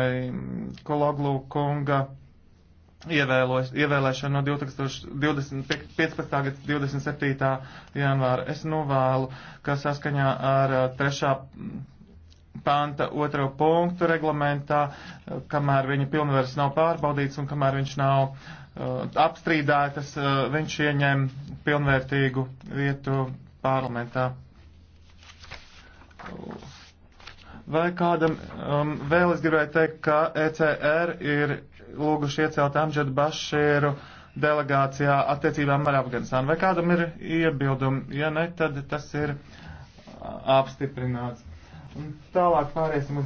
Mm, Kologlu kunga ievēlēšanu no 2015. gada 27. janvāra. Es novēlu, ka saskaņā ar 3. Mm, panta 2. punktu reglamentā, kamēr viņa pilnvaras nav pārbaudīts un kamēr viņš nav uh, apstrīdētas, uh, viņš ieņem pilnvērtīgu vietu parlamentā. Vai kādam um, vēl es gribēju teikt, ka ECR ir lūguši iecelt Amžadu Bašīru delegācijā attiecībām ar Afganistānu. Vai kādam ir iebildumi? Ja ne, tad tas ir uh, apstiprināts. Un tālāk pāriesim uz.